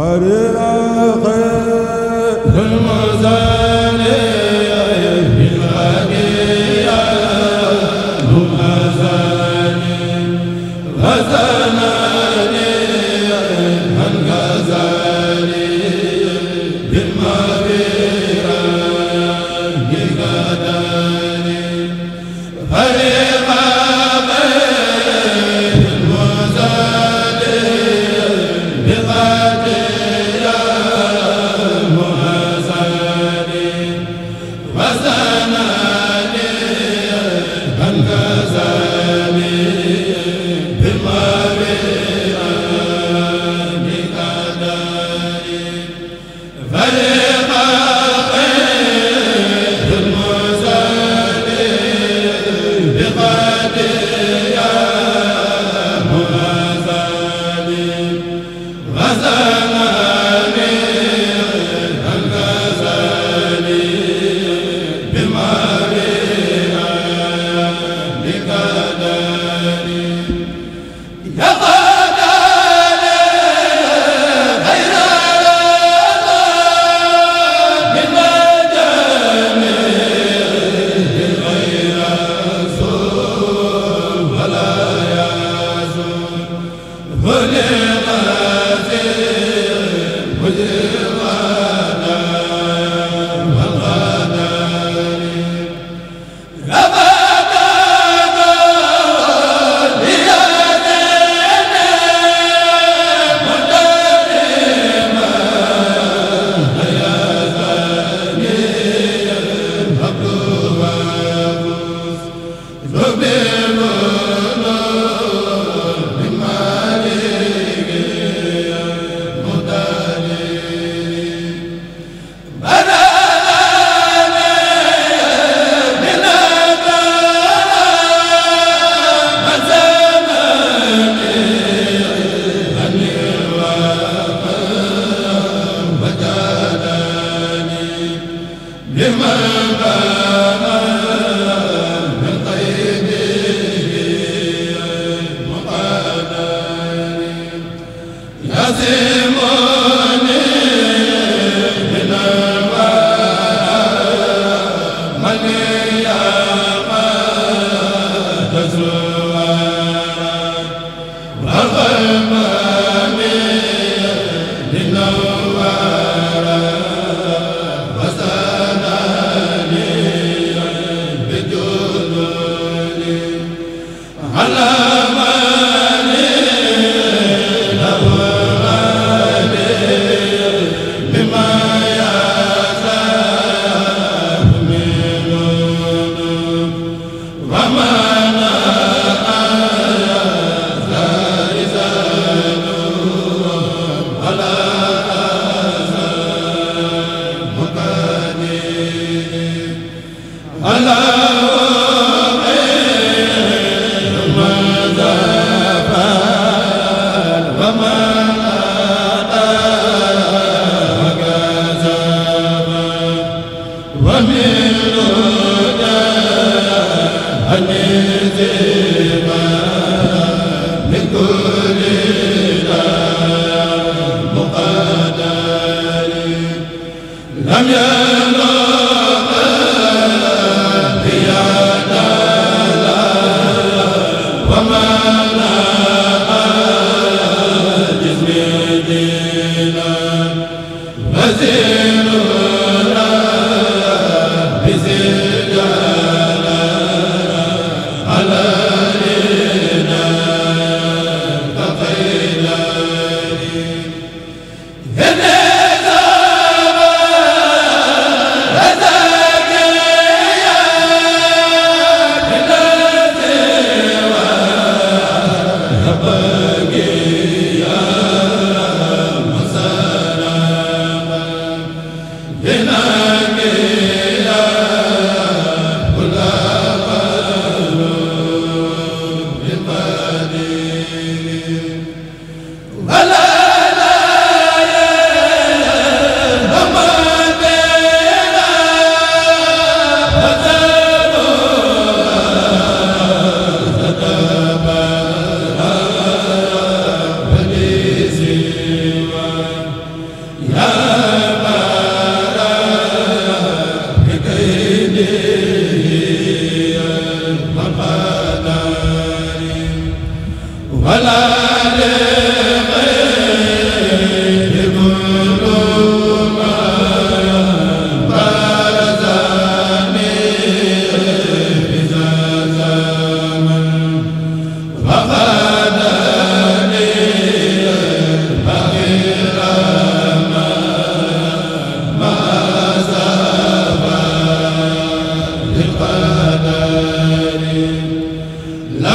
par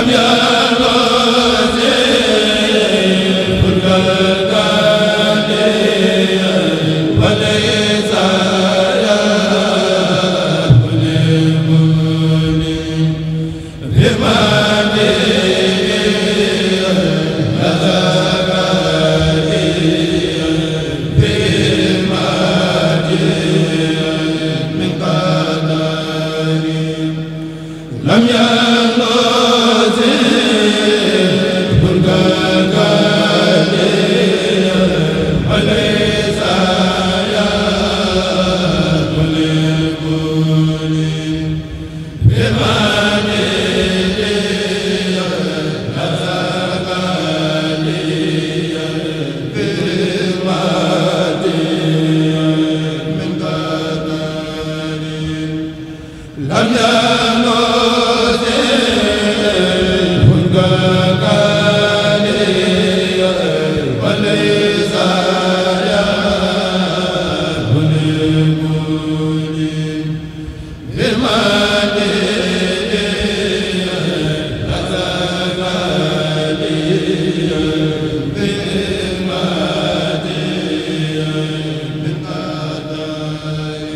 amiin Bamba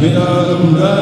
bi am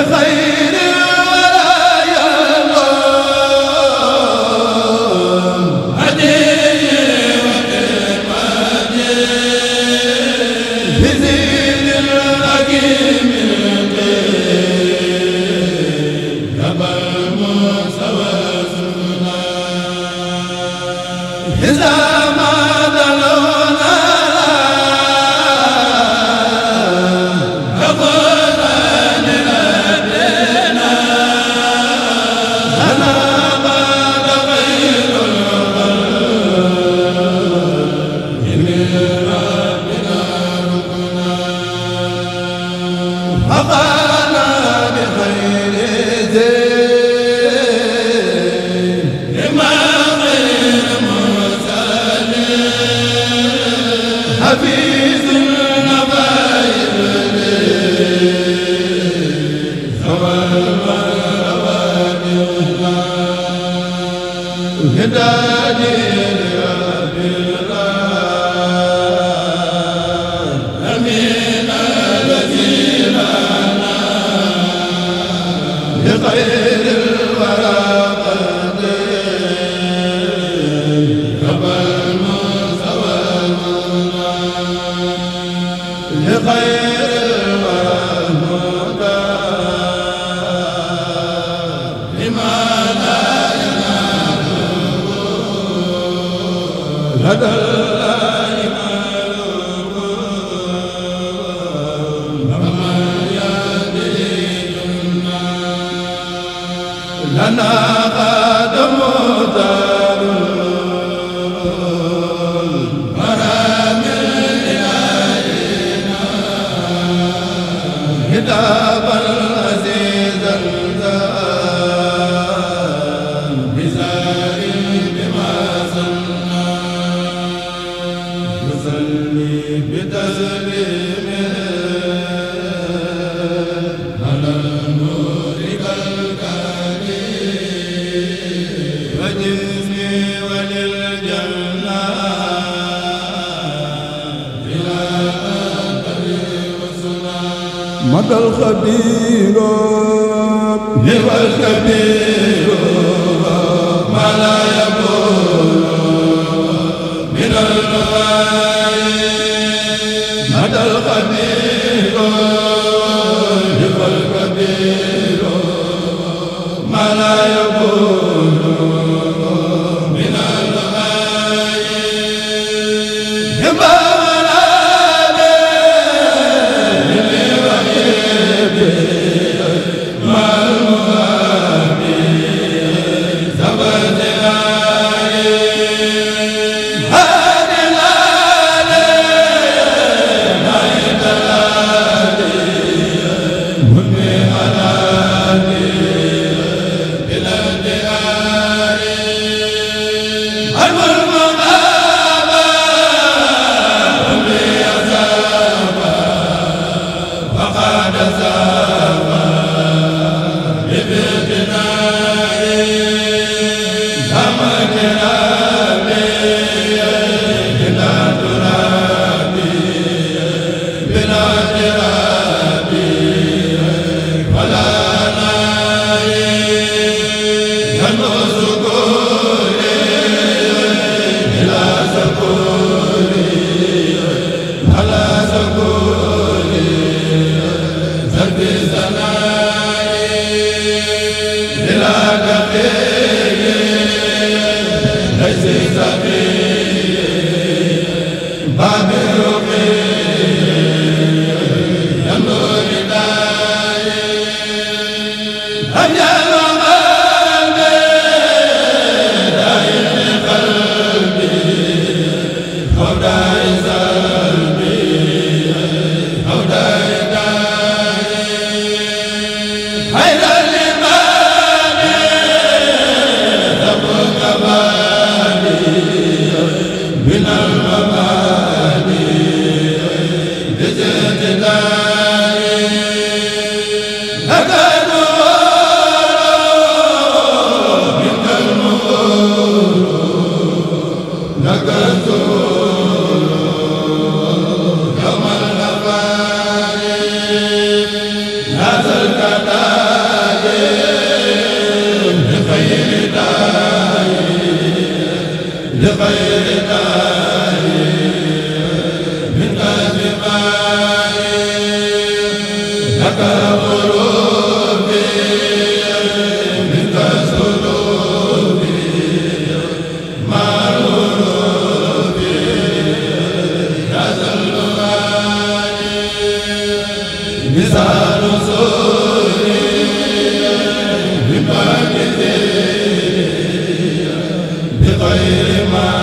غير ربنا ربنا xëy ma la yóbbu ala aka bi xayri ma